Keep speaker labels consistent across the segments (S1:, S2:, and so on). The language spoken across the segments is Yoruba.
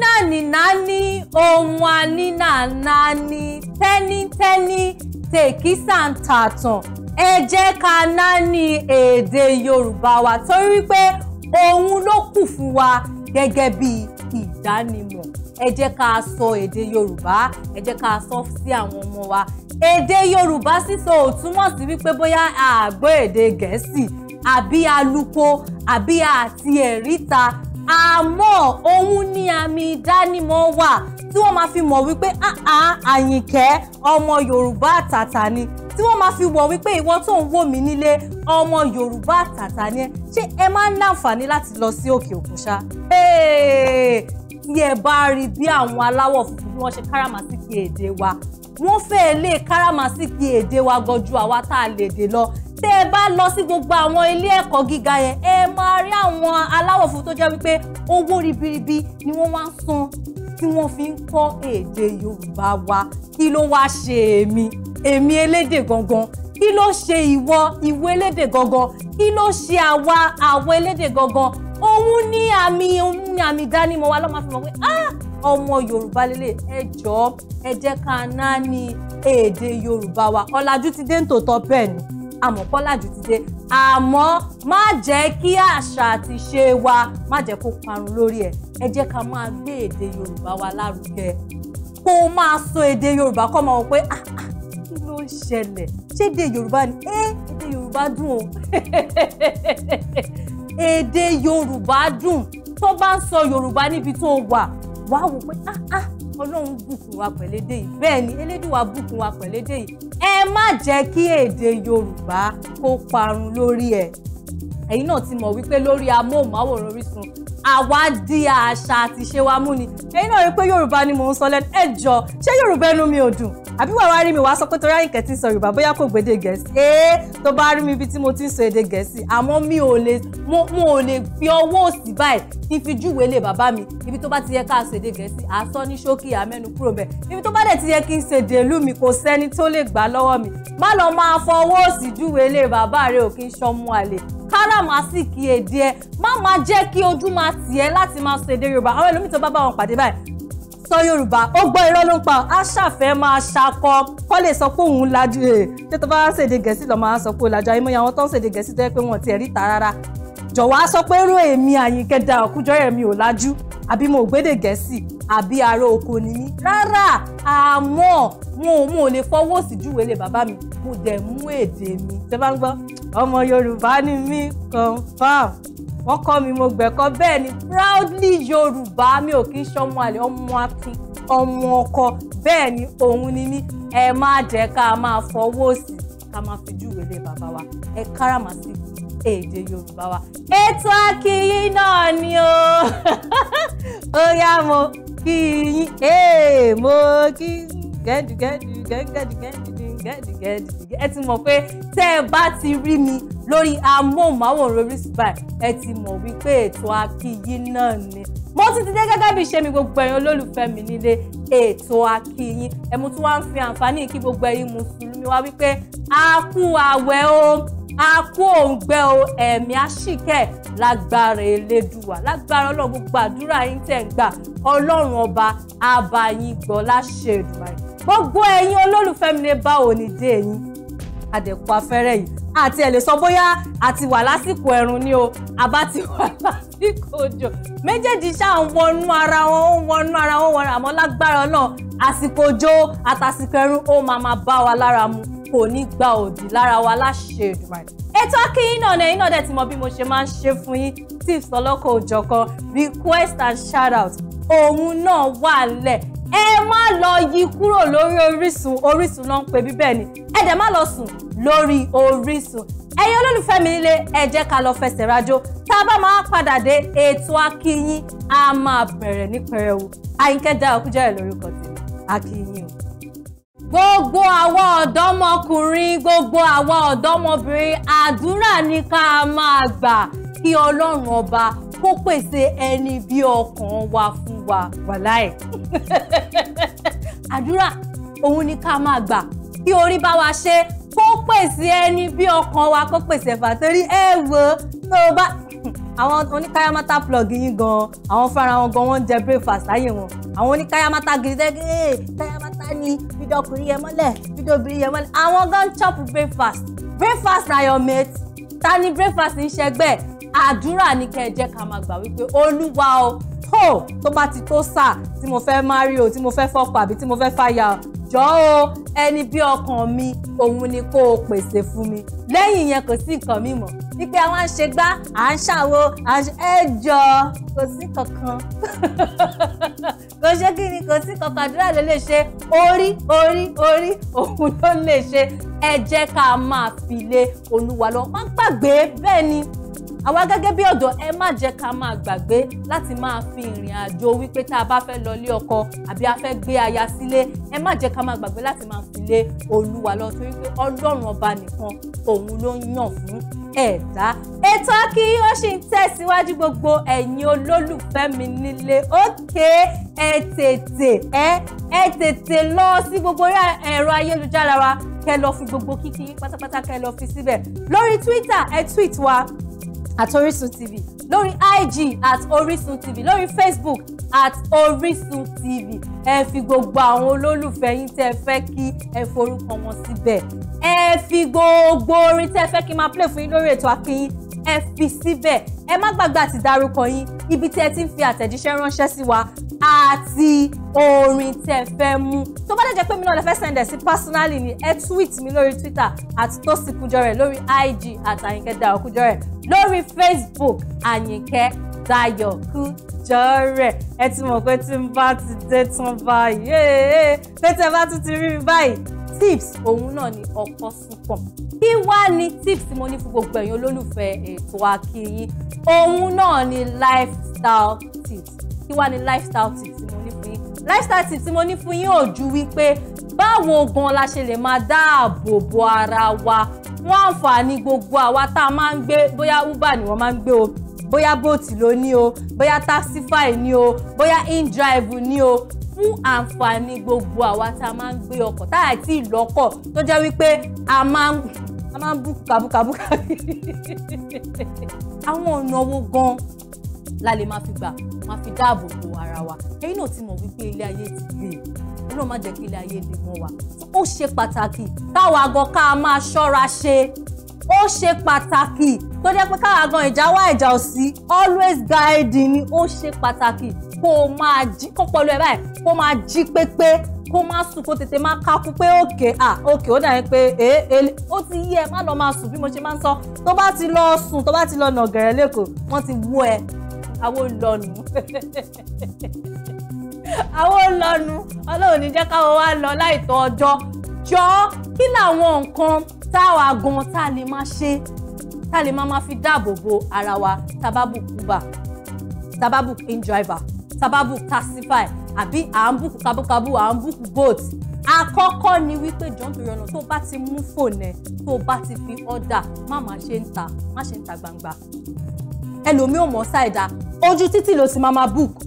S1: nínànínáání ohun anínànáání tẹ́nítẹ́ní tèkísà ń tàtàn ẹ jẹ́ ká náání èdè Yorùbá wa torí wípé òun ló kù fún wa gẹ́gẹ́ bí ìdánimọ̀ ẹ jẹ́ ká sọ èdè Yorùbá ẹ jẹ́ ká sọ sí àwọn ọmọ wa èdè Yorùbá sísọ ò túmọ̀ sí wípé bóyá àgbọ̀ èdè Gẹ̀ẹ́sì àbí aluko àbí àti ẹ̀ríta àmọ́ òun ni àmì ìdánimọ̀ wà tí wọ́n máa fi mọ̀ wípé àyìnkẹ́ ọmọ yorùbá àtàtà ni tí wọ́n máa fi wọ̀ wípé ìwọ tó ń wò mí nílé ọmọ yorùbá àtàtà ni ṣé ẹ máa ń láǹfààní láti lọ sí òkè òkun ṣá tí bá rí bí àwọn aláwọ̀ funfun bí wọ́n ṣe káràmásìkì èdè wa wọ́n fẹ́ẹ́ lè káràmásìkì èdè wa gan ju àwa tá a lè dè lọ tẹ́ ẹ bá lọ sí gbogbo àwọn ilé ẹ̀kọ́ gíga yẹn ẹ máa rí àwọn aláwọ̀ funfun tó jẹ́ wípé owó ribiribi ni wọ́n wá ń san tí wọ́n fi ń kọ́ èdè Yorùbá wa kí ló wá ṣe èmi èmi elédè gangan kí ló ṣe ìwọ ìwọ elédè gangan kí ló ṣe àwa àwọ elédè gangan òun ní àmì òun ní àmì ìdánimọ̀ wa lọ́ọ́ fi mọ̀ pé ah ọmọ yorùbá lélẹ̀ ẹ jọ̀ọ́ ẹ jẹ́ ká náà ní èdè yorùbá wa ọ̀làjú ti dé ń tòótọ́ bẹ́ẹ̀ ni àmọ̀pọ́lájú ti dé àmọ́ má jẹ́ kí àṣà àti ṣe wa má jẹ́ kó parun lórí ẹ̀ ẹ jẹ́ ká máa gbé èdè yorùbá wa lárugẹ kó máa sọ èdè yorùbá kó máa wọ pé ah ah kí ló ń ṣẹlẹ̀ ṣé èdè yorùbá ni ẹ eh, èdè yorùbá dùn o èdè yorùbá dùn tó bá ń sọ yorùbá níbi tó wà wàá wò pé ah ah ọlọ́run bùkún wa pẹ̀lú èdè yìí bẹ́ẹ̀ ni elédùnwà bùkún wa pẹ̀lú èdè yìí ẹ má jẹ́ kí èdè yorùbá kó parun lórí ẹ̀ ẹ̀yin náà ti mọ̀ wípé lórí amóhùnmáwòrán Orísun àwa di àṣà àti ìṣe wa mú ni ẹ̀yin náà rí i pé yorùbá ni mò ń sọ lẹ́nu ẹ jọ ṣé yorùbá ẹnu mi ò dùn àbí wàá rí mi wàá sọ pé torí àyìnkẹ́ ti ń sọ yorùbá bóyá kò gbédè gẹ̀ẹ́sì ee tó bá rí mi ibi tí mo ti ń sọ èdè gẹ̀ẹ́sì àmọ́ mi ò lè mo ò lè fi ọwọ́ òsì báyìí kí n fi júwèé lè bàbá mi ibi tó bá ti yẹ ká sọ èdè gẹ̀ẹ́sì àsọ ní ṣókí àmẹ́nu kúrò bẹ́ẹ̀ ibi tó bá dẹ̀ ti yẹ kí n ṣe dèlú mi kò sẹ́ni tó lè gbà lọ́wọ́ mi má lọ máa fọwọ́ òsì júwèé lè bàbá rẹ ò kí n ṣọmú àlè kára máa sì kí èdè ẹ má máa jẹ́ kí ojú máa tì ẹ́ láti máa sọ èdè yorùbá àwọn ẹlòmíì tó bá bá wọn pàdé báyìí sọ yorùbá ó gbọ́ irọ́ ló ń pa á ṣàfẹ́ máa ṣakọ kọ́ lè sọ pé òun lajú ẹ̀ eh, ṣé tó bá ṣèdè gẹ̀ẹ́sì lọ́ máa sọ pé òun lajú àyèmọ́ àwọn tó ń ṣèdè gẹ̀ẹ́sì tó yẹ pé wọ́n ti rí ta rárá jọ̀wọ́ á sọ pé irú èmi àyìnkẹ́ da ọ̀kújọ́ èmi ò lajú àbí mo gbédè gẹ̀ẹ́sì àbí ará oko ni mí rárá àmọ́ wọn ò mọ̀ lè fọwọ́ sí júwèé lè bàbá mi mo dẹ̀ mú èdè mi tẹ́ bá ń gbọ́ ọmọ yorùbá ni mí confam wọ́n kọ́ mi mo gbẹ̀kọ́ bẹ́ẹ̀ ni proudly yorùbá mi ò kí ń ṣọmọ àlè ọmọ akin ọmọ ọkọ bẹ́ẹ̀ ni òun ni mí ẹ má jẹ́ ká máa fọwọ́ sí ká máa fi júwèé lé bàbá wa ẹ káràmásìkí èdè yorùbá wa ètò akíyín náà ni o ó yá mo kí yín mo kí gẹ́dùgẹ́dù gẹ́dùgẹ́dù dìgẹ́dìgẹ́dìgẹ́ ẹ ti mọ̀ pé tẹ́ ẹ bá ti rí mi lórí amóhùnmáwòrán Orísun báyìí ẹ ti mọ̀ wípé ètò akíyí náà ni mo ti ti dé gẹ́gẹ́ bí ṣe mi gbogbo ẹ̀yin olólùfẹ́ mi nílé ètò akíyín ẹ mo tún wá ń fi àǹfààní kí gbogbo ẹ̀yin mùsùlùmí wá wípé a kú àwẹ̀ o a kú òǹgbẹ o ẹ̀mí àṣìkẹ́ lágbára elédùwà lágbára ọlọ́run gbàdúrà yín tẹ̀ ń gbà ọlọ́run ọba àbáyín gbọ́ láṣẹ Èdùmàrè gbogbo ẹ̀yin olólùfẹ́ mi lè bá òní dé ẹ̀yin adẹ̀kùn afẹ́rẹ́ yìí àti ẹ̀ lè sọ bóyá àti wà lásìkò ẹ̀rùn ni o àbá ti wà lásìkò òjò méjèèjì ṣáà ń wọnú ara wọn ń wọnú ara wọn wọnú àmọ́ lágbára náà àsìkò òjò àtàsìkò ẹ̀rùn ó máa máa bá wa lára mu kò ní gba òdì lára wa láṣẹ Èdùmàrè ètò akínyìn náà lẹ́yìn náà dẹ̀ ti mọ bí mo ṣe máa ń ṣe fún yín tips ọlọ́kọ̀ òjọ̀kan request and shout out òun náà wà lẹ̀ ẹ má lọ yí kúrò lórí orísun orísun náà ń pè bí bẹ́ẹ̀ ni ẹ dẹ̀ má lọ sùn lórí orísun ẹ̀yin olólùfẹ́ mi nílé ẹ̀jẹ̀ jẹ́ ká lọ fẹsẹ̀ rájò tá a bá máa padà dé ètò akínyìn á máa bẹ̀rẹ̀ ní pẹrẹwu àyínkẹ́ dá ọkújẹ́rẹ́ lórí tèmi akínyìn o gbogbo àwa ọ̀dọ́mọkùnrin gbogbo àwa ọ̀dọ́mọbìnrin àdúrà ni ká máa gbà kí ọlọ́run ọba kó pèsè ẹni bí ọkàn wa fún wa wàláì àdúrà òun ni ká máa gbà kí orí bá wa ṣe kó pèsè ẹni bí ọkàn wa kó pèsè ẹ̀fà torí ẹ wò tó o bá àwọn oníkáyámátá plug yín gan àwọn fara wọn gan wọn ń jẹ breakfast láyé wọn àwọn oníkáyámátá gidi tẹ́gẹ́ ẹ̀ káyámátá ni bídọ́kùnrin yẹn mọ́lẹ̀ bídọ́bìnrin yẹn mọ́lẹ̀ àwọn gan chop breakfast breakfast na your mate ta ni breakfast ń ṣẹgbẹ́ àdúrà ni kẹ́ ẹ jẹ́ ká máa gbà wípé olúwa o ho tó bá ti tó sáà tí mo fẹ́ mari o tí mo fẹ́ fọ́kọ àbí tí mo fẹ́ fàyà o jọ o ẹni bí ọkàn mi òun ni kó o pèsè fún mi lẹ́yìn yẹn kò sí nǹkan mi mọ̀ wípé àwọn à ń ṣe gbá à ń ṣàwo à ń ṣe ẹ jọ kò sí kankan kò ṣe kí ni kò sí kankan àdúrà ló lè ṣe orí orí orí òun ló lè ṣe ẹ jẹ́ ká máa fi olúwa lọ má gbàgbé bẹ́ẹ̀ ni àwa gẹ́gẹ́ bí ọ̀dọ́ ẹ má jẹ́ ká máa gbàgbé láti máa fi ìrìn àjò wípé tá a bá fẹ́ lọ ilé ọkọ àbí a fẹ́ gbé aya sílé ẹ má jẹ́ ká máa gbàgbé láti máa fi lé olúwa lọ torí pé ọlọ́run ọba nìkan òun ló ń yàn fún ẹ̀dá ètò kí ó sì ń tẹ̀síwájú gbogbo ẹ̀yin olólùfẹ́ mi nílé òkè ẹ tètè ẹ ẹ tètè lọ sí gbogbo ẹ̀rọ ayélujára wa kẹ́ lọ fi gbogbo kíkí pátápátá kẹ́ lọ fi síbẹ̀ lórí Twitter ẹ tweet wa at Orisun TV lórí IG at Orisun TV lórí Facebook at Orisun TV ẹ fi gbogbo àwọn olólùfẹ́ yín tẹ́ ẹ fẹ́ kí ẹ forúkọ wọn síbẹ̀ ẹ fi gbogbo orin tẹ́ ẹ fẹ́ kí n máa play fún yín lórí ètò Àkíìyín ẹ fi síbẹ̀ ẹ má gbàgbé àti dárúkọ yín ibi tí ẹ ti ń fi àtẹ̀jíṣẹ́ ránṣẹ́ sí wa àti orin tẹ́ fẹ́ mú tó bá dẹ̀jẹ̀ pé mi náà lè fẹ́ send ẹ̀ sí personally ni ẹ tweet mi lórí twitter àti Tosin Kujore lórí ig àti Àyìnkẹ́ Dayọ̀ Kujore lórí facebook Àyìnkẹ́ Dayọ̀ Kujore ẹ ti mọ̀ pé tí n bá ti dé tán báyìí eh, pé tẹ́ bá tún ti rí mi báyìí tips òun náà ni ọkọ súnpọ̀ kí wá ni tips tí mo ní fún gbogbo ẹ̀yin olólùfẹ́ ètò akínyìn òun náà ni lifestyle tips kí wá ní lifestyle tip tí mo ní fún yín lifestyle tip tí mo ní fún yín ò ju wípé báwo gan la ṣe lè máa dáàbò bo ara wa fún àǹfààní gbogbo àwa tá a máa ń gbé bóyá uber ni wọ́n máa ń gbé o bóyá bolt ló ní o bóyá taxify ní o bóyá indrive ní o fún àǹfààní gbogbo àwa tá a máa ń gbé ọkọ̀ tá a ti lọ́kọ̀ tó jẹ́ wípé a máa ń a máa ń bú kàbúkàbúkà àwọn ọ̀nà wo gan la lè máa fi gbà máa fi dáàbò bo ara wa ẹ̀yin náà ti mọ̀ wípé ilé ayé ti le ọlọ́run má jẹ́ kí ilé ayé le mọ́ wa ó ṣe pàtàkì táwa gan ká máa ṣọ́ra ṣe ó ṣe pàtàkì tó jẹ́ pé káwa gan ìjà wá ìjà ò sí always guiding ni ó ṣe pàtàkì kó o máa jí kó pọlọ ẹ báyìí kó máa jí pépé kó má sùn kó tètè má kákú pé òkè à òkè ó dàbí pé èèlè ó ti yí ẹ má lọ máa sùn bí mo ṣe máa ń sọ tó bá ti lọ sùn tó bá ti lọ nà gẹ̀rẹ́ lẹ́kọ̀ọ́ wọ́n ti wú ẹ àwọn olọ́nu àwọn olọ́nu ọlọ́run ní jẹ́ káwọn wá lọ láìtọ́ ọjọ́ jọ kí làwọn nǹkan tá a wà gan tá a lè máa ṣe tá a lè máa máa fi dáàbò bo ara wa tababu uber tababu in driver tababu taxify àbí à ń bùkù kábúkábú à ń bùkù boat àkọ́kọ́ ni wípé jọ̀ọ́ torí tó bá ti mú fóònù ẹ̀ tó bá ti fi ọ̀dà má má ṣe ń ta má ṣe ń ta gbangba ẹlòmíì ò ṣáìdá ojú títì ló ti máa ma book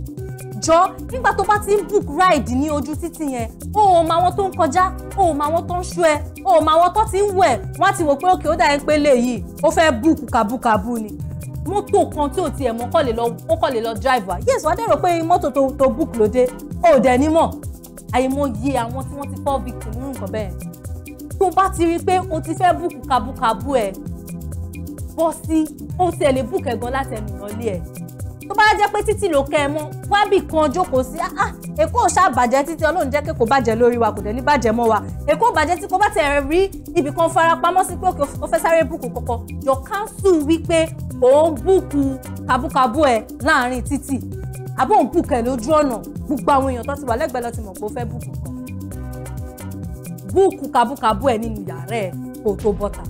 S1: jọ nígbà tó bá ti ń book ride ní ojú títì yẹn o ò mọ àwọn tó ń kọjá o ò mọ àwọn tó ń ṣú ẹ o ò mọ àwọn tó ti ń wẹ̀ wọ́n á ti wò pé òkè ó dà ẹ́ pé léyìí ó fẹ́ book kàbúkàbú ni mọ́tò kan tí ò tiẹ̀ mọ́ kọ́ lè lọ ó kọ́ lè lọ driver yes wàá dẹ̀rọ pé mọ́tò tó tó book lóde ó dẹ̀ ní mọ̀ àìmọye àwọn tí wọ́n ti fall victim nínú nǹkan bẹ́ẹ̀ tó bá ti rí i pé o ti fẹ́ book kàbúkàbú ẹ̀ bọ́ sí o tiẹ̀ lè book ẹ̀ gan látẹnu ìrànlẹ́ ẹ̀ tó bá jẹ́ pé títì ló kẹ́ ẹ mọ́ wábì kan jókòó sí ah, ah èkó ò ṣàbàjẹ́ títí ọlọ́run jẹ́ pé kò bàjẹ́ lórí wa kò dẹ̀ ní bàjẹ́ mọ́ wa èkó bàjẹ́ tí kò bá tẹ̀ rí ibì kan farapamọ́ sí pé ó fẹ́ sáré búùkù kọ̀kọ́ your council wípé òun búùkù kabúkabú ẹ̀ láàrin títì àbọ̀ òun búùkù ẹ̀ lójú ọ̀nà gbogbo àwọn èèyàn tó ti wà lẹ́gbẹ̀ẹ́ lọ ti mọ̀ pé ó fẹ́ búùkù kan búùkù kabúkabú ẹ̀ nínú yàrá ẹ̀ kò tó bọ́ta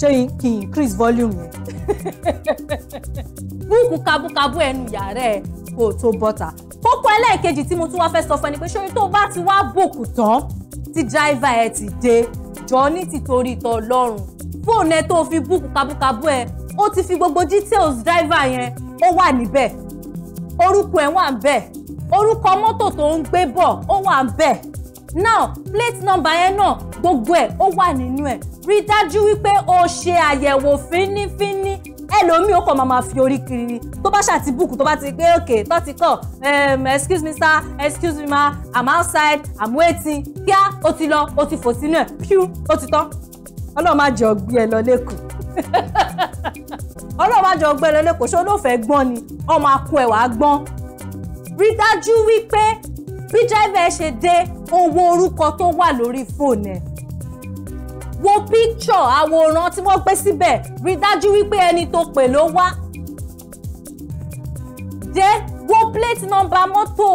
S1: ṣé kí n increase volume yẹn búùkù kabúkabú ẹnu yàrá ẹ kó o tó bọ́ta kókó ẹlẹ́ẹ̀kejì tí mo tún wá fẹ́ sọ fún ẹni pé ṣé orin tó bá ti wá bùkù tán tí dráìvà ẹ ti dé jọ ní tìtorí tọ lọ́rùn fóònù ẹ tó fi búùkù kabúkabú ẹ ó ti fi gbogbo details dráìvà yẹn ó wà níbẹ̀ orúkọ ẹ wà níbẹ̀ orúkọ mọ́tò tó ń gbé bọ̀ ó wà níbẹ̀ now plate number yẹn náà gbogbo ẹ̀ ó wà nínú ẹ̀ rí dájú wípé o ṣe àyẹ̀wò fínífíní ẹlòmíì ó kàn máa máa fi orí kiri ni tó bá ṣàti búùkù tó bá ti gbé òkè tó ti kọ um, excuse me sir excuse me ma i'm outside i'm waiting kíá ó ti lọ ó ti fò sínú ẹ píú ó ti tán ọlọ́run má jẹ́ ọgbẹ́ ẹ lọ lẹ́kọ̀ọ́ ọlọ́run má jẹ́ ọgbẹ́ ẹ lọ lẹ́kọ̀ọ́ ṣé olóòfẹ́ gbọ́n ni ọmọ akú ẹ̀ wàá gbọ́n rí dájú wípé bí driver ẹ ṣe dé owó orúkọ tó wà lórí fóònù ẹ̀ wo picture àwòrán tí wọ́n gbé síbẹ̀ rí dájú wípé ẹni tó pè ló wá. dé wo plate number mọ́tò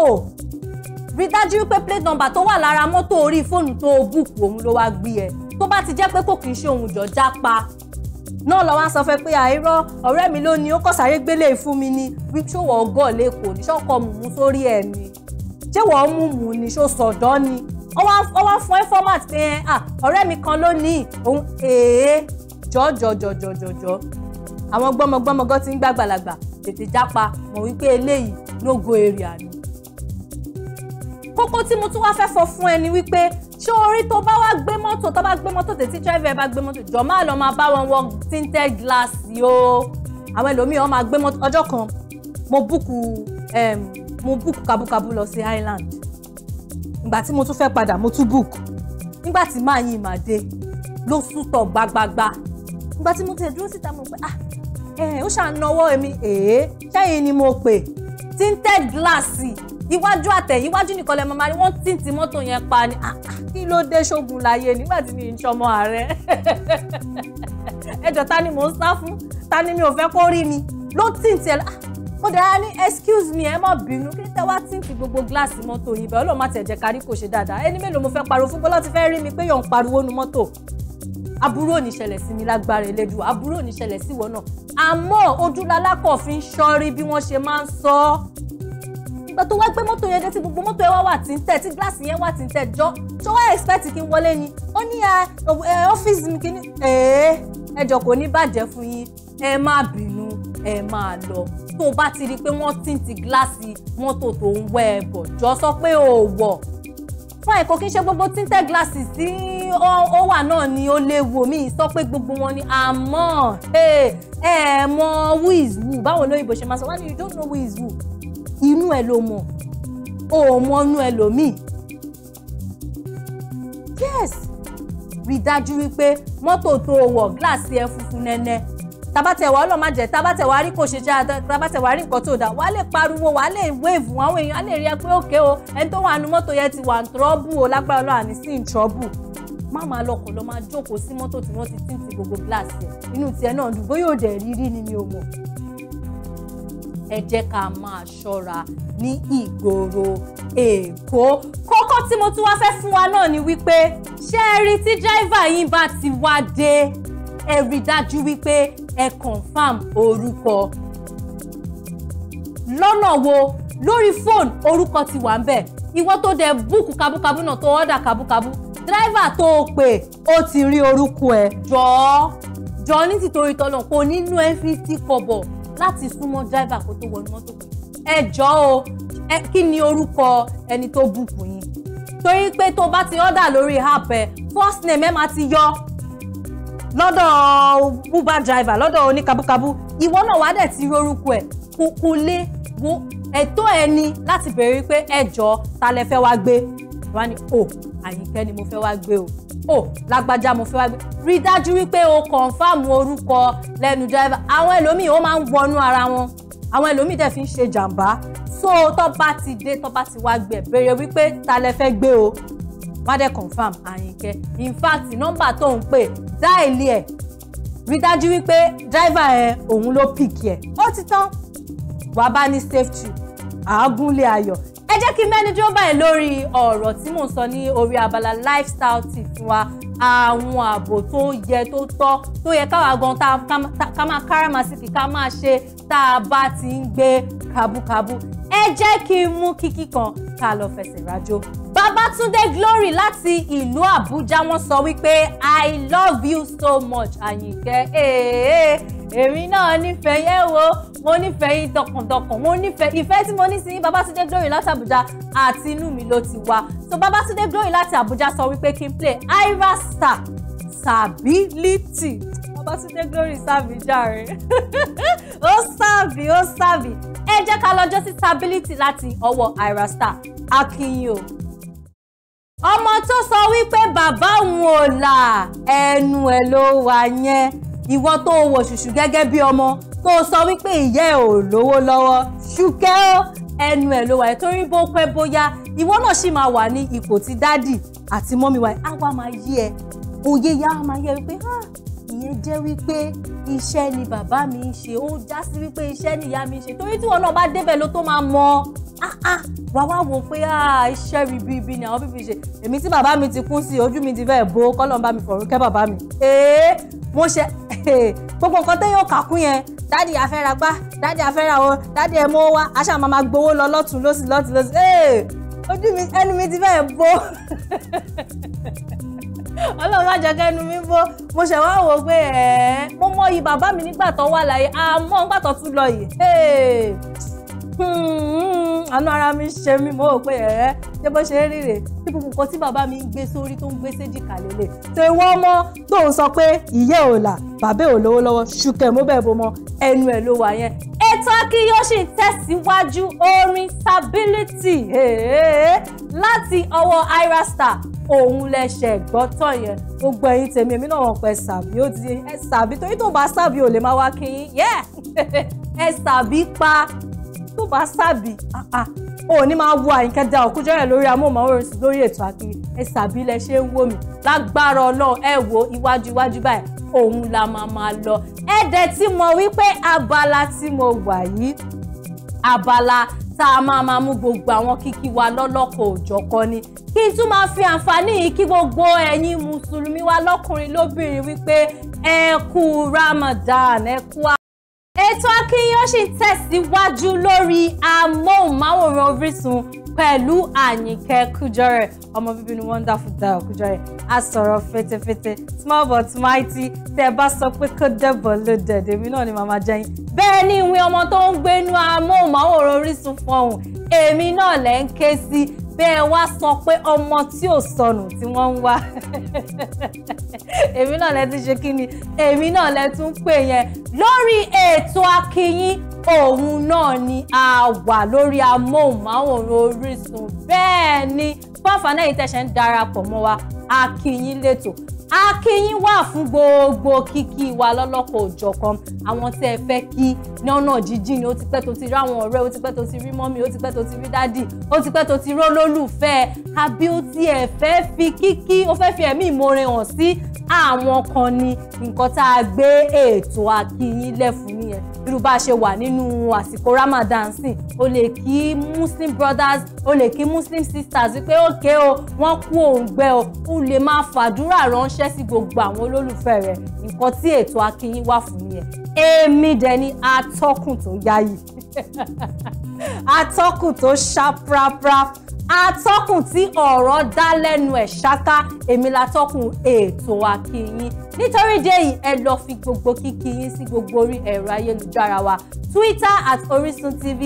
S1: rí dájú wípé plate number tó wà lára mọ́tò orí fóònù tó o búùkù òun ló wá gbé ẹ e. tó bá ti jẹ́ pé kò kì í ṣe òun jọjá pa náà lọ́wọ́ á sọ fẹ́ pé àìrọ́ ọ̀rẹ́ mi ló ní ó kọ̀ sáré gbélé e fún mi ni ritual ọgọ́ lẹ́kọ̀ọ́ ní ṣọ́kọ mùmú sórí ẹ̀ ni ṣé wọ́n mú mú ni ṣó sọ̀dọ́ ni ọ wá fún ẹ format pé ọ̀rẹ́ mi kan ló ní òun èé jọjọjọjọjọjọ àwọn gbọmọgbọmọgọ tí ń gbàgbàlagbà tètè jápa mọ̀ wípé eléyìí ló go èrè àná kókó tí mo tún wá fẹ́ sọ fún ẹ ni wípé ṣé orí tó bá wá gbé mọ́tò tó bá gbé mọ́tò tètè driver bá gbé mọ́tò jọ máa lọ máa bá wọn wọ tinted glass o àwọn ẹlòmíì wọn máa gbé mọ́tò ọjọ́ kan mo búùkù mo búùkù kábúkábú lọ sí island ìgbà tí mo tún fẹ́ padà mo tún book nígbà tí máa yin ìmàdé ló sútọ̀ gbagbagba nígbà tí mo tẹ̀ dúró síta mo pé ah ẹ̀ eh, ó ṣàn èmi èé ṣẹ́yìn ni mo pè tinted glass iwájú àtẹ̀ iwájú nìkan lẹ máa rí wọ́n tí ń ti mọ́tò yẹn pa ni ah, ah, kí ló dé ṣógun láyé nígbà tí mi ń ṣọmọ ààrẹ ẹjọ́ ta ni mò ń sá fún ta ni mi ò fẹ́ kó rí mi ló tí ń tiẹ̀ mo dára ní excuse me ẹ má bínú kí tẹ wá tí ń fi gbogbo gíláàsì mọ́tò yìí bẹ́ẹ̀ ọlọ́run má tẹ̀ jẹ́ kárí kò ṣe dáadáa ẹni mélòó mo fẹ́ pariwo fún bọ́lá ti fẹ́ rí mi pé yọ̀ ń pariwo nu mọ́tò aburú ò ní ṣẹlẹ̀ sí mi lágbára elédùn aburú ò ní ṣẹlẹ̀ sí wọn náà àmọ́ ojúlalá kọ̀ fi ń ṣọ́rí bí wọ́n ṣe máa ń sọ ọ́ ìgbà tó wá gbé mọ́tò yẹn dé tí gbogbo mọ́tò yẹn wá wà tí ń tẹ̀ tí gíláàsì yẹn wà tí ń tẹ̀ jọ́ tó wá expect kí n wọlé ni ó ní ọ́fíìsì mi kí ni ẹ̀ẹ́ ẹjọ́ kò ní bàjẹ́ fún yín ẹ má bínú ẹ máa lọ tó o bá ti rí i pé wọ́n ti ń ti gíláàsì mọ́tò tó ń wẹ ẹ bọ̀ jọ sọ pé o wọ̀ fún ẹ̀kọ́ kí n ṣe gbogbo tinted glasses tí ó wà náà ni ó léwu mi sọ pé gbogbo wọn ni àmọ́ ẹ mọ who is who báwo lóyìnbó ṣe máa sọ wọ́n ní you don't know who is who inú ẹ ló mọ̀ o ò mọ inú ẹ lòmíì yes rí i dájú wípé mọ́tò tó o wọ̀ gíláàsì ẹ funfun nẹ́nẹ́ tabatẹ̀ wà ọlọ́ọ̀ má jẹ́ tabatẹ̀ wà rí kò ṣe jẹ́ tabatẹ̀ wà rí nǹkan tó dáa wà lè pariwo wà lè wave wọn àwọn èèyàn á lè rí ẹ pé òkè o ẹni tó wà nù mọ́tò yẹn ti wà ń trọ́bù o lágbára ọlọ́ọ̀ àní sí ń trọ́bù má máa lọkọ̀ lọ́ máa jókòó sí mọ́tò tí wọ́n ti tí ń ti gbogbo gíláàsì ẹ̀ inú tiẹ̀ náà dùn bóyá òdẹ̀ rírí ni mi ò mọ̀ ẹ jẹ́ ká máa ṣọ́ra ní ìgboro Èkó kókó tí mo tún wá fẹ́ fún wa náà ni wípé ṣé ẹ rí tí dráìvà yín bá ti wá dé ẹ rí dájú wípé ẹ confam orúkọ. lọ́nà wo lórí fóònù orúkọ ti wà ń bẹ̀ ìwọ tó dẹ búùkù kábúkábú náà tó ọ̀dà kábúkábú dírẹ́fà tó o pè ó ti rí orúkọ ẹ̀ jọ̀ọ́ jọ̀ọ́ ní tìtorí tọ́lọ̀ kò nínú ẹ fi sí kọ̀bọ̀ láti súnmọ́ dírẹ́fà kó tó wọnú mọ́tò pẹ̀lú ẹ jọ̀ọ́ o ẹ kí ni orúkọ ẹni tó búùkù yín torí pé tó bá ti ọ̀dà lórí app ẹ first name ẹ máa ti yọ lọ́dọ̀ uber driver lọ́dọ̀ oníkabúkabú ìwọ náà wàá dẹ̀ ti rorúkọ ẹ̀ kúkú lé wo ẹ̀tọ́ ẹni láti béèrè wípé ẹ̀jọ́ ta lẹ fẹ́ wá gbé wá ní o oh, àyìnkẹ́ ni mo fẹ́ wá gbé o o oh, lágbájá mo fẹ́ wá gbé rí i dájú wípé o kọ̀ǹfàmù orúkọ lẹ́nu driver àwọn ẹlòmíì ó máa ń wọnú ara wọn àwọn ẹlòmíì dẹ̀ fi ń ṣe jàǹbá so tó bá ti dé tó bá ti wá gbé béèrè wípé ta lẹ fẹ́ gbé o wọ́n á dẹ̀ confam àyìnkẹ́ in fact nọ́mbà tó ń pè dáìlì ẹ̀ rí dájú wípé dráìvà ẹ̀ òun ló pìkì ẹ̀ ó ti tán wàá bá ní safety àágúnlé ayọ̀ ẹ jẹ́ kí mẹ́ni dúró báyìí lórí ọ̀rọ̀ tí mò ń sọ ní orí abala lifestyle ti fún wa àwọn ààbò tó yẹ tó tọ́ tó yẹ káwa gan ká máa káràmásìkì ká máa ṣe tá a bá ti ń gbé kabúkabú ẹ jẹ́ kí n mú kíkí kan tá a lọ fẹsẹ̀ rájò. Babatunde Glory láti ìlú Àbújá wọ́n sọ wípé I love you so much Àyìnkẹ́ èèè èmi náà nífẹ̀ẹ́ yẹn wo mo nífẹ̀ẹ́ yín tọkàntọkàn mo nífẹ̀ẹ́ ìfẹ́ tí mo ní sí Babatunde Glory láti Abuja. àti inú mi ló ti wá so Babatunde Glory láti Abuja. sọ wípé kí n play Ira Star Sability Babátúndé Glory sábì jàre ó sábì ó sábì ẹ jẹ́ ká lọ́jọ́ sí stability láti ọwọ́ irastar akínyìn o ọmọ tó sọ wípé bàbá òun ò là ẹnu ẹ̀ ló wà yẹn ìwọ tó wò ṣùṣù gẹ́gẹ́ bí ọmọ tó sọ wípé ìyá ẹ̀ ò lówó lọ́wọ́ ṣùkẹ́ ó ẹnu ẹ̀ ló wà yẹn torí bó pẹ́ bóyá ìwọ náà sì máa wà ní ipò tí dádì àti mọ́mí wa yẹn á wá máa yí ẹ òye yá máa yẹ wípé ah ó jẹ́ wípé iṣẹ́ ni bàbá mi ń ṣe ó já sí wípé iṣẹ́ ni ìyá mi ń ṣe torí tí wọn náà bá débẹ̀ ló tó máa mọ ah, ah, wà wá wò pé ah, iṣẹ́ ribi ibi ni àwọn bíbí ṣe èmi tí bàbá mi ti kún sí ojú mi ti fẹ́ bo kọ́lọ́n bá mi fọ̀rọ̀ kẹ́ bàbá mi ee mo ṣe gbogbo nǹkan téèyàn kà kún yẹn dáàdì afẹ́ra gbá dáàdì afẹ́ra o dáàdì ẹ̀ mọ́ wá aṣá máa ma gbowó lọ lọ́tún lọ́sì lọ́tún lọ́sì ee ojú mi ẹnu mi ti fẹ́ bo. ọlọ́run má jẹ́ kẹ́nu mi bó mo ṣẹ̀ wá wò pé ẹ̀ mo mọyì bàbá mi nígbà tó wà láyé àmọ́ nígbà tó tún lọ yìí. Hmm, àánú ara mi ṣe mí mo rò pé ẹ̀rẹ́ ṣé bó ṣe ń rí rè tí gbogbo nǹkan tí bàbá mi ń gbé sórí tó ń gbé séjì kàlélẹ̀ ṣé wọ́n mọ́ tó ń sọ pé ìyá ò là bàbá ò lówó lọ́wọ́ ṣùkẹ́ mo bẹ̀ bó mọ ẹnu ẹ̀ ló wà yẹn. ètò Akiiyoshi tẹ̀síwájú orin stability láti ọwọ́ irastar òun lẹsẹ̀ gbọ́ tán yẹn gbogbo ẹ̀yin tèmi èmi náà wọ́n pẹ́ sàbí ó ti ẹ sàbí torí tó bá sàbí ò lè máa wá kí yín ẹ sàbí pa bá sàbí ah, ah. ò ní máa wo àyínkẹ́ da òkú jẹ́rẹ̀ lórí amóhùnmáwòrán lórí ètò àkiri ẹ sàbí lẹ ṣe ń wò mí lágbára ọlọ́run ẹ wo iwájú iwájú báyìí òun la máa máa lọ ẹ dẹ̀ tí mo wípé abala tí mo wà yìí abala tá a máa máa mú gbogbo àwọn kíkí wa lọ́lọ́kọ̀ òjọ̀kan ni kí n tún máa fi àǹfààní yìí kí gbogbo ẹ̀yin mùsùlùmí wa lọ́kùnrin lóbìnrin wípé ẹ kú Ramadan ẹ kú ètò akínyìn tẹ̀síwájú lórí amóhùnmáwòrán Orísun pẹ̀lú Àyìnkẹ́ Kújọrẹ̀ ọmọ bíbí ni wonderful Dayọ̀ Kújọrẹ̀ a sọ̀rọ̀ fetefete small but mighty tẹ́ ẹ bá sọ pé kó dẹ̀bọ̀ ló dẹ̀dẹ̀ èmi náà ni màmá jẹ́yìn bẹ́ẹ̀ ni ìwé ọmọ tó ń gbénú amóhùnmáwòrán Orísun fọ̀hùn èmi náà lẹ́ ń ké sí bẹ́ẹ̀ wá sọ pé ọmọ tí ò sọnù tí wọ́n ń wá èmi náà lẹ ti ṣe kí ni èmi náà lẹ tún pè yẹn lórí ètò akínyìn òun náà ni a wà lórí amóhùnmáwòrán Orísun bẹ́ẹ̀ ni fáfáná yìí tẹ̀sẹ̀ ń darapọ̀ mọ́ wa akínyìn lẹ́tọ̀ọ́ akínyìn wà fún gbogbo kíkí wa lọ́lọ́kọ̀ òjọ̀kan àwọn tẹ́ ẹ fẹ́ kí lọ́nà jíjìn ni ó ti pẹ́ tó ti rí àwọn ọ̀rẹ́ ó ti pẹ́ tó ti rí mọ́mí ó ti pẹ́ tó ti rí dádì ó ti pẹ́ tó ti rí olólùfẹ́ àbí ó ti ẹ̀ fẹ́ fi kíkí ó fẹ́ fi ẹ̀mí ìmoore hàn sí àwọn kan ni nǹkan tá a gbé ètò akínyìn lẹ́fun nìyẹn irú bá a ṣe wà nínú àsìkò Ramadan sí o lè kí Muslim brothers o lè kí Muslim sisters wípé ókè o wọ́n kú òǹgbẹ o o lè máa fàdúrà ránṣẹ́ ránṣẹ́ sí gbogbo àwọn olólùfẹ́ rẹ̀ nǹkan tí ètò akínyìn wà fún yẹn èmi dẹ̀ ni atọ́kùn tó yáyì atọ́kùn tó ṣàpràprà atọ́kùn tí ọ̀rọ̀ dá lẹ́nu ẹ̀ ṣáká èmi látọ́kùn ètò akínyìn nítorí déyìí ẹ lọ fi gbogbo kíkí yín sí gbogbo orí ẹ̀rọ ayélujára wa Twitter at Orisun TV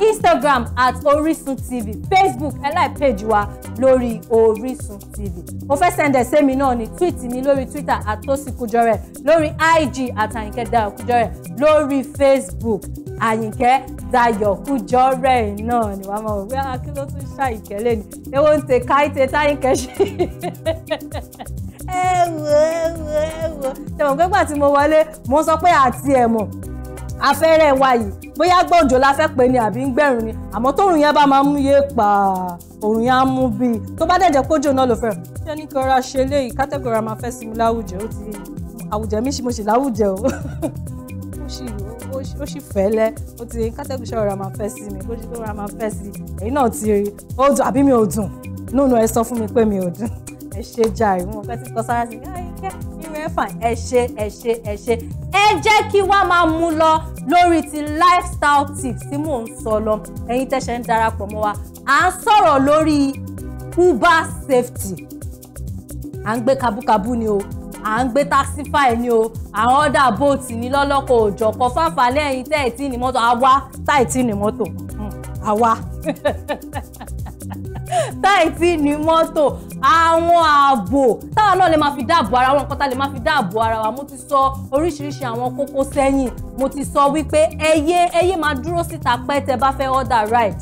S1: instagram at orisun tv facebook ẹ like page wa lórí orisun tv mo fẹ́ sẹ́ndẹ̀ sẹ́mi náà ní tweet mi lórí twitter at tosikujore lórí ig at ayinke dayo kujore lórí facebook ayinke dayo kujore náà ni wàá máa wò pé ah, kí ló tún ṣàyìnkẹ́ lẹ́nu ewo ń tẹ káyìtẹ táyìnkẹ́ ṣe ẹ wò ẹ wò ẹ wò ṣe mọ̀ pé gbà tí mo wọlé mo sọ pé àti ẹ̀ mọ̀ afẹ́rẹ́ wa yìí bóyá gbọ́njọ la fẹ́ pè ní àbí ń gbẹ̀rùn ni àmọ́ tóòrùn yẹn bá máa mú yé pa òòrùn yẹn á mú bíi tó bá dẹ̀jẹ̀ kójò náà ló fẹ́ ṣé ní kí ọra ṣe léyìí kátẹ́gọ̀rì máa fẹ́ sinmi láwùjọ ó ti àwùjọ mi mo sì láwùjọ o ó sì fẹ́lẹ́ ó ti kátẹ́gọ̀rì ṣe ọra máa fẹ́ sí mi bó ṣe tó ọra máa fẹ́ sí ẹ̀yin náà ti rí ó dùn àbí mi ò dùn nùnú ẹ sọ fún mi pé mi ò dùn ẹ ṣe jà ìwọ̀n fẹ́ ti kọ sára sí i Nigerian Fine ẹ ṣe ẹ ṣe ẹ ṣe ẹ jẹ́ kí wá máa mú lọ lórí ti lifestyle tips tí mò ń sọ lọ ẹ̀yin tẹ́ṣẹ̀ ń darapọ̀ mọ́ wa à ń sọ̀rọ̀ lórí Uber safety à ń gbé kabúkabú ni o à ń gbé taxify ni o àwọn ọ̀dà bolt ni lọ́lọ́kọ̀ òjọ̀kọ̀ fáfà lẹ́yìn tẹ́ẹ̀tì ní mọ́tò àwa táìtì ní mọ́tò hmm, àwa. táì tí ní mọ́tò àwọn ààbò táwọn náà lè máa fi dáàbò ara wọn nǹkan tá lè máa fi dáàbò ara wa mo ti sọ oríṣiríṣi àwọn kókó sẹ́yìn mo ti sọ wípé ẹyẹ ẹyẹ máa dúró síta pẹ́ tẹ bá fẹ́ order ride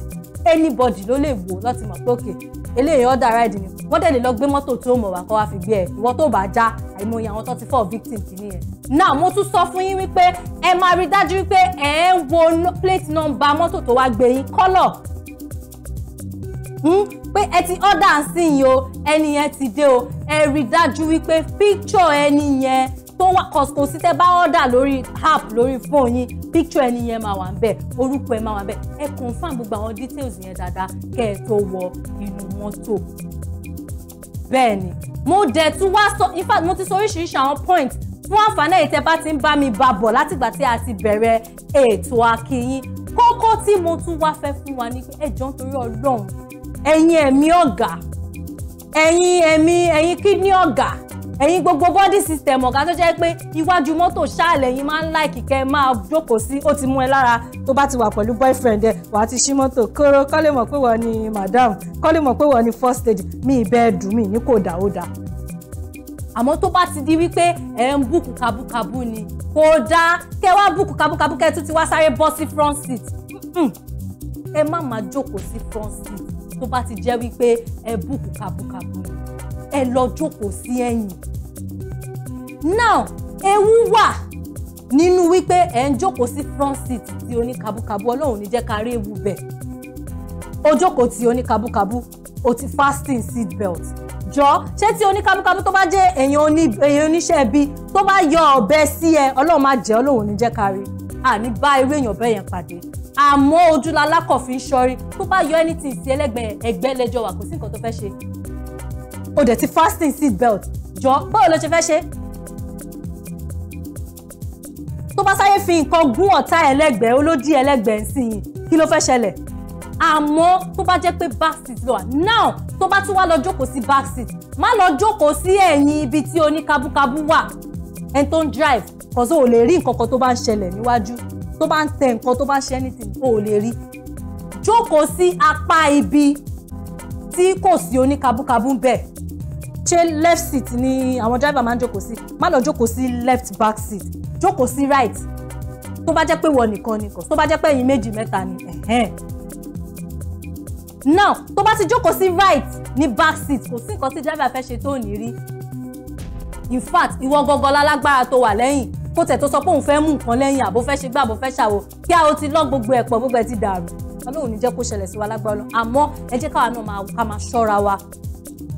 S1: anybody ló lè wò láti mọ̀ pé eléyìí order ride ni wọ́n dẹ̀ lè lọ gbé mọ́tò tó mọ̀ wá kọ́ wá fi gbé ẹ̀ ìwọ tó bá já àìmọye àwọn tó ti fọ́ victim kìíní yẹn. now mo tún sọ fún yín wípé ẹ máa rí dájú wípé ẹ ń wo plate number mọ́tò tó wá gbé yín kọ́lọ̀ Hmm? pé ẹ ti ọ́dà sí yìí o ẹni yẹn ti dé o ẹ rí dájú wípé píkṣọ ẹni yẹn tó wà kò sí tẹ́ bá ọ́dà lórí app lórí fóònù yín píkṣọ ẹni yẹn máa wà ń orúkọ ẹ máa wà ń ẹ confirm gbogbo àwọn details yẹn dáadáa kẹ́ ẹ tó wọ inú mọ́tò bẹ́ẹ̀ ni mo dẹ̀ tún wá sọ in fact mo ti sọ oríṣiríṣi àwọn points fún àǹfààní èyí tẹ́ bá ti ń bá mi bá bọ̀ látìgbà tí a ti bẹ̀rẹ̀ ètò Àkíìyín kókó tí mo tún wá fẹ́ fún wa ni pé ẹ jọ̀ọ́ nítorí Ọlọ́run ẹ̀yin ẹ̀mí ọ̀gá ẹ̀yin ẹ̀mí ẹ̀yin kidney ọ̀gá ẹ̀yin gbogbo body system ọ̀gá tó jẹ́ pé iwájú mọ́tò ṣáàlẹ̀ yín máa ń láìkì kẹ́ ẹ máa jókòó sí ó ti mú ẹ lára tó bá ti wà pẹ̀lú boyfriend ẹ wà á ti ṣí mọ́tò kóró kọ́ lè pé wọ́n ni madam kọ́ lè pé wọ́n ni first stage mi ì bẹ́ẹ̀ dùn mí ní kò dà ó dà àmọ́ tó bá ti di wípé ẹ̀ ń búùkù kábúkábú ni kò dáa kẹ́ wá búùkù kábúkábú kẹ́ tún ti wá sáré bọ́ sí front seat ẹ má máa jókòó sí front seat tó bá ti jẹ́ wípé ẹ búùkù kabúkabú ẹ lọ jókòó sí ẹ̀yìn. now ewu wà nínú wípé ẹ ń jókòó sí front seat ti oníkabúkabú ọlọ́run ní jẹ́ ká rí ewu bẹ̀ ó jókòó ti oníkabúkabú ó ti fasting seat belt jọ ṣé tí oníkábúkábú tó bá jẹ́ èèyàn oníṣẹ́ ibi tó bá yọ ọ̀bẹ sí ẹ ọlọ́run máa jẹ́ ọlọ́run ní jẹ́ kárí àní bá irú èèyàn bẹ́ẹ̀ yẹn pàdé àmọ́ ojúlala kọ̀ fi ń ṣọ́rí tó bá yọ ẹni tí ì sí ẹlẹ́gbẹ̀ẹ́ ẹgbẹ́ lẹ́jọ́ wà kò sí nǹkan tó fẹ́ ṣe o dẹ̀ ti fasting seat belt jọ báwo ló ṣe fẹ́ ṣe tó bá sáyé fi nǹkan gún ọ̀tá ẹlẹ́gbẹ̀ẹ́ olódì ẹlẹ́gbẹ̀ẹ́ sí i kí ló fẹ́ ṣẹlẹ̀ àmọ́ tó bá jẹ́ pé back seat ló wà now tó bá tún wá lọ jókòó sí back seat má lọ jókòó sí ẹ̀yìn ibi tí oní kabúkabú wà ẹni tó ń drive kò sí ò lè rí nǹkan kan tó bá ń tẹ nǹkan tó bá ṣe anything o ò lè rí jókòó sí apá ibi tí kò sí oníkabúkabú ń bẹ̀ ṣé left seat ni àwọn driver máa ń jókòó sí má lọ jókòó sí left back seat jókòó sí right tó bá jẹ́ pé wọ nìkan nìkan tó bá jẹ́ pé ẹ̀yin méjì mẹ́ta ni now tó bá ti jókòó sí right ní back seat kò sí nǹkan tí driver fẹ́ ṣe tó ní rí in fact ìwọ gangan lálágbára tó wà lẹ́yìn kó tẹ̀ tó sọ pé òun fẹ́ mú nǹkan lẹ́yìn àbó fẹ́ ṣe gbà àbó fẹ́ ṣàwò kí a ó ti lọ́ gbogbo ẹ̀pọ̀ gbogbo ẹ̀ ti dàrú ọlọ́run ní jẹ́ kó ṣẹlẹ̀ sí wa lágbára lọ àmọ́ ẹ jẹ́ káwa náà ká máa ṣọ́ra wa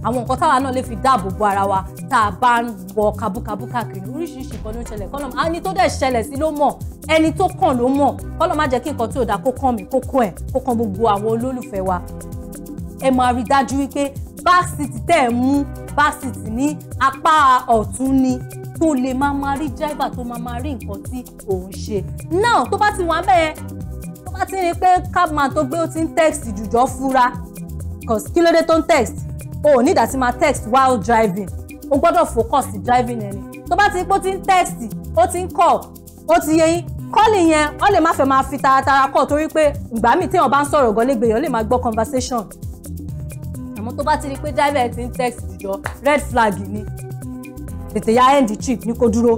S1: àwọn nǹkan táwa náà lè fi dáàbò bo ara wa tá a bá ń wọ kabúkabú káàkiri oríṣiríṣi nǹkan ló ń ṣẹlẹ̀ kọ́nà ẹni tó dẹ̀ ṣẹlẹ̀ sí ló mọ̀ ẹni tó kàn ló mọ̀ kọ́nà má jẹ́ kí nǹkan tí ò dáa kó kàn mí kó kó ẹ̀ kó kàn gbogbo àwọn olólùfẹ́ wa ẹ máa rí dájú wípé back seat tẹ́ ẹ̀ mú back seat ní apá ọ̀tún ni tó lè máa máa rí driver tó máa máa rí nǹkan tí òun ṣe náà tó bá ti wà bẹ́ẹ̀ tó bá ti rí pé cabman tó gbé ó ti ń text jùjọ́ fura cause kí ló dé tó ń text o ò ní ìdásí máa text while driving o gbọ́dọ̀ focus driving ẹni tó bá ti rí pé ó ti ń text ó ti ń call ó ti yẹ yín kọ́ọ̀lì yẹn ọ lè má fẹ́ máa fi taratara kọ́ torí pé ìgbà míì téèyàn bá ń sọ̀rọ̀ gan yẹn ó lè máa gbọ́ conversation àmọ́ tó bá ti rí i pé driver ti ń text yọ red flag ni tètè ya end trip ní kó dúró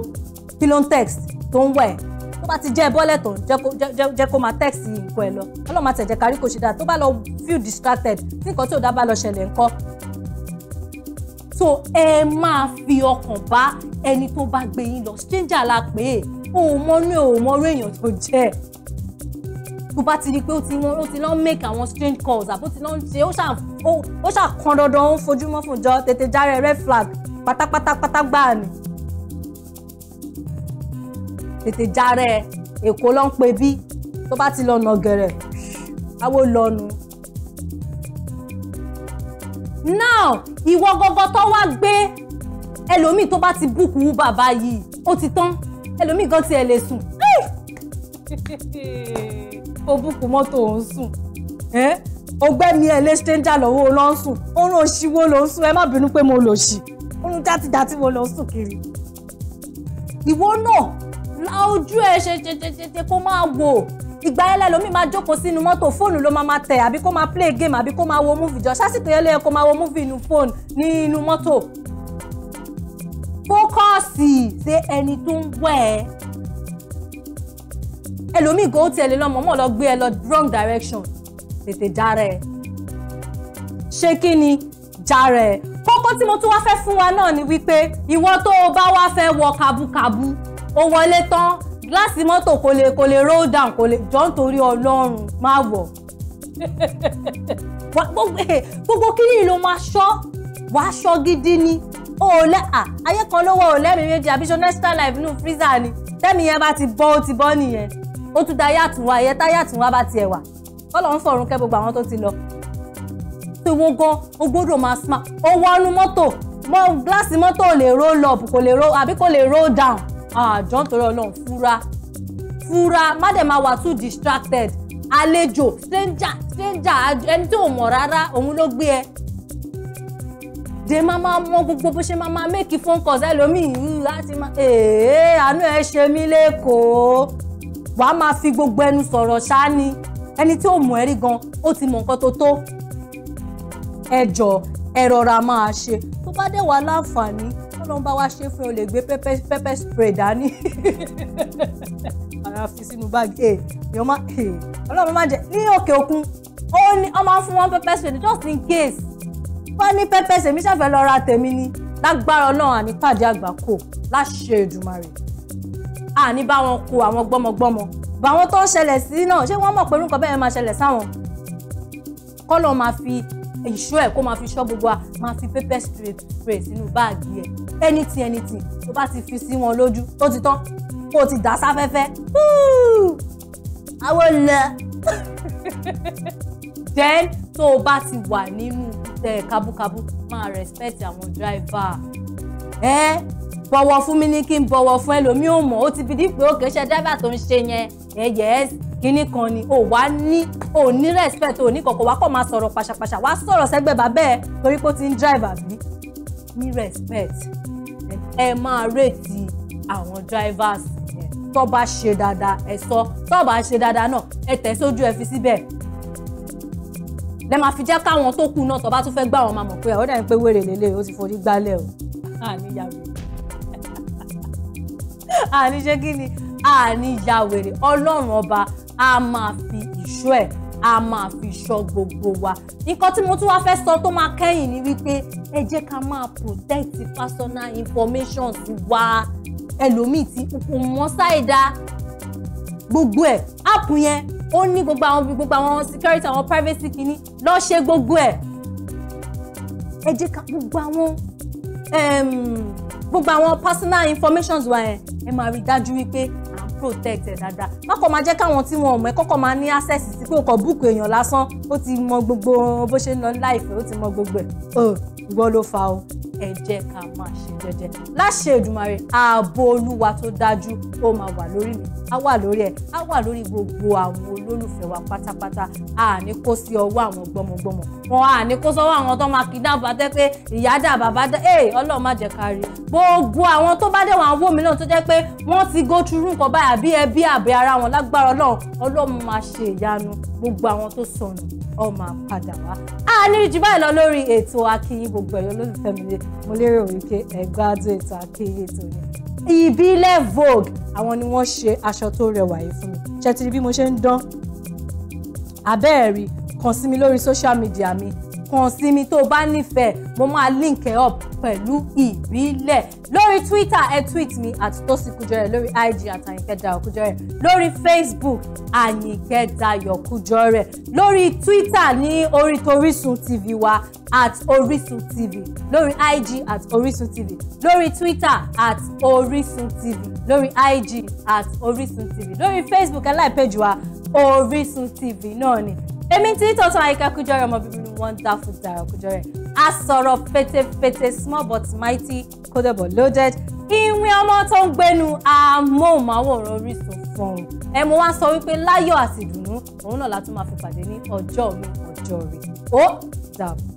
S1: kí ló ń text tó ń wẹ̀ tó bá ti jẹ́ bọ́lẹ̀ tán jẹ́ kó máa text nǹkan ẹ̀ lọ ọlọ́run máa tẹ̀jẹ̀ kárí kò ṣe dáa tó bá lọ feel distracted tí nǹkan tí ò dá lọ ṣẹlẹ̀ ńkọ́ so ẹ máa fi ọkàn bá ẹni tó bá gbé yín lọ stranger la pé òun mọ́nú ẹ̀ òun mọ́rú èèyàn tó jẹ́ tó bá ti di pé ó ti lọ ó ti lọ make àwọn strange calls àbó ti lọ ṣe ó ṣà ó ṣà kan dandan ó ń fojúmọ́ fún jọ tètè járe red flag pátápátápátá gbáà ni tètè járe èkó ló ń pe bí tó bá ti lọ nà gẹ̀rẹ̀ awo lọ́nu. now ìwọ gọgọ tó wá gbé ẹlòmíì tó bá ti búùkù wú bàbá yìí ó ti tán ẹlòmíì gan tiẹ̀ lè sùn. ó búkú mọ́tò òun sùn ọgbẹ́mi ẹ̀ lé stranger lọ́wọ́ ló ń sùn oorun òṣìwò ló ń sùn ẹ má bínú pé mo lò sí oorun játidàtí mo lọ sùn kiri ìwọ náà la ojú ẹ ṣe ṣe kó máa wò ìgbà ẹlẹ́ lomi máa jókòó sínú mọ́tò fóònù ló máa tẹ̀ àbí kó máa play game àbí kó máa wo múfì jọ sásìkò yẹn lẹ́yìn kó máa wo múfì inú fóònù ní inú mọ́tò fókọ́ọ̀sì ṣe ẹni tó ń wẹ̀ ẹ́ ẹlòmíì gan ó tiẹ̀ lè lọ́mọ mọ́ lọ gbé ẹ lọ wrong direction tètè jára ẹ ṣé kí ni jára ẹ kókó tí mo tún wá fẹ́ fún wa náà ni wípé ìwọ tó o bá wá fẹ́ wọ kabúkabú o wọlé tán gíláàsì mọ́tò kò lè kò lè roll down kò lè jọ́ nítorí ọlọ́run má wọ̀ eh, gbogbo kí ni ló máa ṣọ́ wàá ṣọ́ gidi ni òòlẹ́ à ayé kan lówó òòlẹ́ mi méjì àbíṣọ next time life nù freezer ni tẹ́mi yẹn bá ti bọ́ ó ti bọ́ nìyẹn ó tún táyà àtúnwá ẹ̀yẹ táyà àtúnwá bá tiẹ̀ wà ọlọ́run fọ̀run kẹ́ gbogbo àwọn tó ti lọ pé wọ́n gan o gbọ́dọ̀ máa smart ó wọnú mọ́tò mọ́ gíláàsì mọ́tò ò lè roll up kò lè roll àbí kò lè roll down àjọ nítorí ọlọ́run fura fura má dẹ̀ máa wà too distracted àlejò stranger stranger ẹni tí ò mọ̀ rárá òun ló gbé ẹ dè máa máa mọ gbogbo bó ṣe máa máa make phone calls ẹlòmíì láti máa èèyàn àánú ẹ ṣe mí lẹ́kọ̀ọ́ wàá máa fi gbogbo ẹnu sọ̀rọ̀ ṣáá ni ẹni tí ò mọ̀ ẹ́ rí gan ó ti mọ̀ nǹkan tó tó ẹ jọ̀ọ́ ẹ rọra máa ṣe tó bá dẹ̀ wá láǹfààní ọlọ́run bá wá ṣe fún ẹ o lè gbé pẹ́pẹ́ spray dání ara fi sínú báàgì ẹ yọ má ọlọ́run má jẹ ní òkè òkun ó ní ọmọ fún wọn pẹ́pẹ́ spray just in case wọ́n ní pẹ́pẹ́ sèmi ṣàfẹ́ lọ ra tèmi ni lágbára ọlọ́run àní pàdé àgbákò láṣẹ Èdùmàrè a ní bá wọn ku àwọn gbọ́mọgbọ́mọ báwọn tó ń ṣẹlẹ̀ sí náà ṣé wọ́n mọ̀ pé orúkọ bẹ́ẹ̀ máa ṣẹlẹ̀ sáwọn kọ́lọ̀ máa fi ìṣó ẹ̀ kó máa fi ṣọ́ gbogbo a máa fi pepper spray sínú báàgì ẹ̀ anything anything tó bá ti fi sí wọn lójú tó ti tán kó o ti dà sáfẹ́fẹ́ àwọn olè then tó o bá ti wà nínú tẹ kábúkábú máa respect àwọn driver eh bọ̀wọ̀ fún mi ní kí n bọ̀wọ̀ fún ẹlòmíì ò mọ̀ ó ti bìdí pé òkè ṣe dábà tó ń ṣe yẹn ẹ̀yẹ́ eh, kínní kan ni ò wá ní ò ní respect ò ní kọ̀kọ̀ wá kọ̀ máa sọ̀rọ̀ pàṣàpàṣà wá sọ̀rọ̀ sẹ́gbẹ̀ bàbá ẹ̀ torí pé ó ti ń drive àbí ní respect ẹ máa rètí àwọn drivers tó bá ṣe dáadáa ẹ sọ tó bá ṣe dáadáa náà ẹ tẹ̀ sójú ẹ fi síbẹ̀ lẹ máa fi jẹ́ káwọn tó kù náà tó bá tún fẹ́ gbà wọn máa mọ̀ pé ọ̀rẹ́dà ń pé wèrè lélẹ̀ ó ti forí gbálẹ̀ o àníyàwó àní ṣé kí ni àní ya wèrè ọlọ́run ọba a máa fi ìṣọ́ ẹ̀ a máa fi ṣọ́ gbogbo wa nǹkan tí mo tún wá fẹ́ sọ tó máa kẹ́yìn ni wípé ẹ jẹ́ ká máa protect personal information wa ẹlòmíì tí kò mọ́ ṣáìdá gbogbo ẹ̀ áàpù yẹn ó ní gbogbo àwọn gbogbo àwọn security àwọn privacy kìíní lọ ṣe gbogbo ẹ̀ ẹ jẹ́ ká gbogbo àwọn gbogbo àwọn personal information wa yẹn ẹ máa rí dájú wípé à ń protect ẹ dáadáa má kọ́ máa jẹ́ káwọn tí wọn ò mọ̀ ẹ́ kọ́kọ́ máa ní access sí pé o kò búùkù èèyàn lásán ó ti mọ gbogbo bó ṣe ń lọ láìpẹ́ ó ti mọ gbogbo ẹ̀ ìwọ ló fa o ẹ jẹ́ ká máa ṣe jẹ́jẹ́ láṣẹ Èdùmàrè ààbò Olúwa tó dájú ó máa wà lórí mi á wà lórí ẹ á wà lórí gbogbo àwọn olólùfẹ́ wa pátápátá àní kó sí ọwọ́ àwọn gbọ́mọgbọ́mọ wọn àní kó sọ́wọ́ àwọn tó máa kidnap bá tẹ́ pé ìyá dà bàbá dà ẹ̀ Ọlọ́run má jẹ́ ká rí gbogbo àwọn tó bá dé àwọn òmìnira tó jẹ́ pé wọ́n ti go through nǹkan báyìí àbí ẹbí àbí ara wọn lágbára Ọlọ́run Ọlọ́run máa ṣe ìyanu gbogbo àwọn tó sọnù ó máa padà wá. a ní jù báyìí lọ lórí ètò akíyìn gbogbo ẹ̀yọ́ lólùfẹ́ mi lé mo lérò wípé ẹ gbádùn ètò akíyìn tòní. ìbílẹ̀ vogue àwọn ni wọ́n ṣe aṣọ tó rẹwà yìí fún mi ṣètìlí bí mo ṣe ń dán abẹ́ẹ̀rí kàn sí mi lórí social media mi kàn sí mi tó o bá nífẹ̀ẹ́ mo máa link ẹ up pẹ̀lú ìbílẹ̀ lórí twitter ẹ tweet mi àti Tosin Kujore lórí ig àti Àyìnkẹ́ Dayọ̀ lórí facebook Àyìnkẹ́ Dayọ̀ Kujore lórí twitter ní orí torísun tv wa at orísun tv lórí ig at orísun tv lórí twitter at orísun tv lórí ig at orísun tv lórí facebook aláìpẹ́jù wa orísun tv náà ni èmi tí tọ́tún àyíká kújọ́rẹ́ ọmọ bíbí ni wọ́n ń dá fún dara kújọ́rẹ́ asọ̀rọ̀ fetefete small but mighty kódébọ̀ loaded ìwé ọmọ tó ń gbénu amóhùnmáwòrán Orísun fún un ẹ mo wá sọ wípé láyọ̀ àti ìdùnnú òun náà la tún máa fi pàdé ní ọjọ́ mi ọjọ́ rẹ̀ ó dàbọ̀.